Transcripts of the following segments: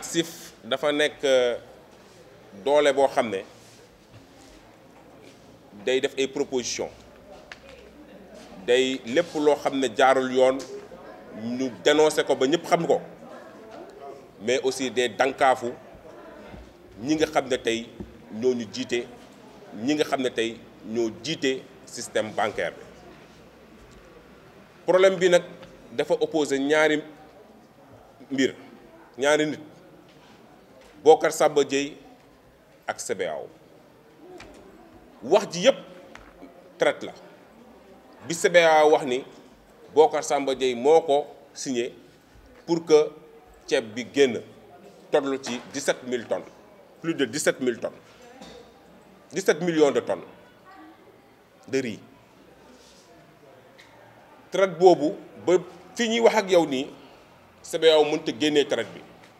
AXIF dafa nek euh, doole bo xamné day def ay propositions day lepp lo xamné ne jaarul yoon ñu dénoncé ko ba ñëpp xam ko mais aussi des dankafu ñi nga xamné tay tey jité ñi nga xamné tay tey ñoo jiite système bancaire bi problème bi nak dafa opposé ñaari mbir ñaari nit Bokar Samba Dieye et CBAO. Tout le traite là. Le CBAO dit que Bokar Samba Dieye l'a signé pour que le Dieye 17 000 tonnes. Plus de 17 000 tonnes. 17 millions de tonnes de riz. Le traite, quand on parle de toi, le CBAO peut sortir le traite.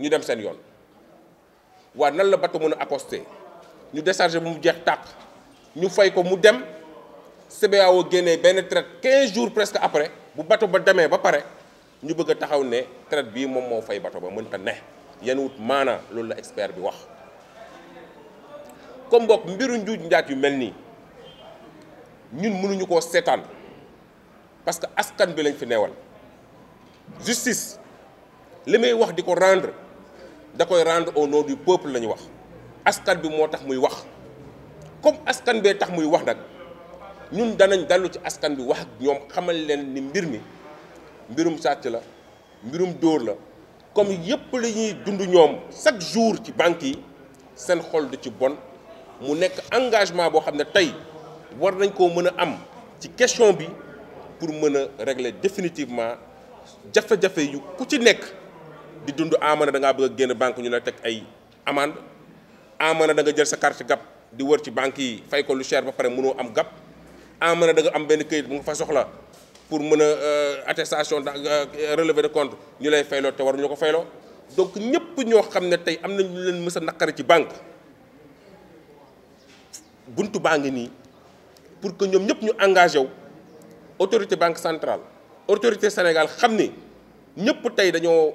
ñu dem seen yoon waa nan la bato mën a accosté ñu déchargé bu mu jeex tàq ñu fay ko mu dem CBAO génne benn traite 15 jours presque après bu bato ba demee ba pare ñu bëgg a taxaw ne traite bii moom moo fay bato ba mënta ne yenn wut maana loolu la expert bi wax comme boog mbiru njuuj njaat yu mel nii ñun mënuñu koo seetaan parce que askan bi lañ fi neewal justice li may wax di ko rendre D'accord, rendre au nom du peuple la wax askan bi comme askan dit tax muy wax nak ñun danañ dalu ci askan bi wax ñom xamal ni mbir mi mbirum la mbirum la comme dund chaque jour ci banque yi sen xol du ci bon mu nek engagement war nañ pour nous. régler définitivement jafé jafé yu ku ci di dund amana da ngaa a génn banque ñu la teg ay amande amana danga jël sa carte gap di wër ci banque yi fay ko lu cher ba pare mënoo am gàpp amana da nga am benn këyit bu nga fa soxla pour mën a euh, attestation euh, relevé de compte ñu lay loo te waruñu ko fayloo donc ñëpp ñoo xam ne tey am na ñu leen mës a naqari ci banque bunt baa ngi nii pour que ñoom ñëpp ñu engagé wu autorité banque centrale autorité Sénégal xam ni ñëpp tey dañoo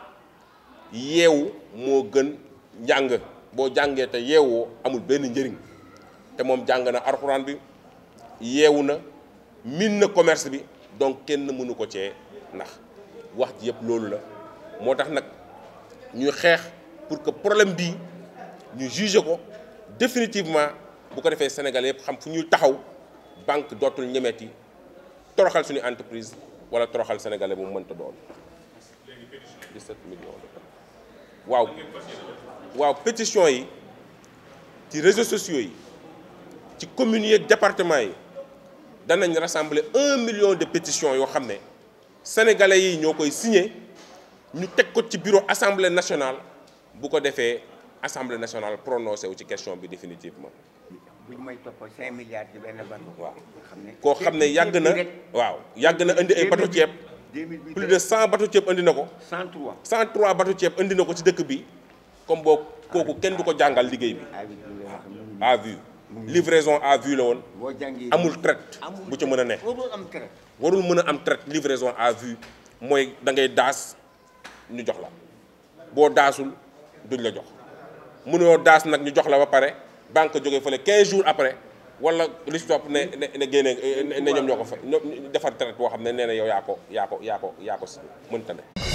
yeewu moo gën njàng boo jàngee te yeewoo amul benn njëriñ te moom jàng na arxuraan bi yeewu na min na commerce bi donc kenn mënu ko cee ndax wax ji yëpp loolu la moo tax nag ñuy xeex pour que problème bi ñu juge ko définitivement bu ko defee Sénégal yëpp xam fu ñuy taxaw banque dootul ñemeeti toroxal suñu entreprise wala toroxal sénégalais bu mu mënta doon 17 millions de Wow, pétition yi réseaux sociaux yi ci communes département yi un million de pétitions yoo sénégalais yi nous avons signé ñu teg ko ci bureau assemblée nationale bu ko Wow, assemblée nationale prononcé Wow, ci question définitivement. Wow, may Wow, 5 milliards Wow, Wow, Wow, plus de 100 bateau tiep indi 103 103 bateau tiep indi na ci deuk bi comme boo kooku kenn du ko jàngal bi. Ah livraison a vue la woon. amul traite bu ca mën a warul meuna a am traite livraison a vue moy da ngay das ñu jox la bo dasul duñ la jox mënoo das nak ñu jox la ba paré banque jógee fële 15 jours après. wala li si topp ne ne ne génne ne ñoom ñoo ko fa ñoom defar traite boo xam ne nee na yow yaa yaako yaa ko yaa si mënta ne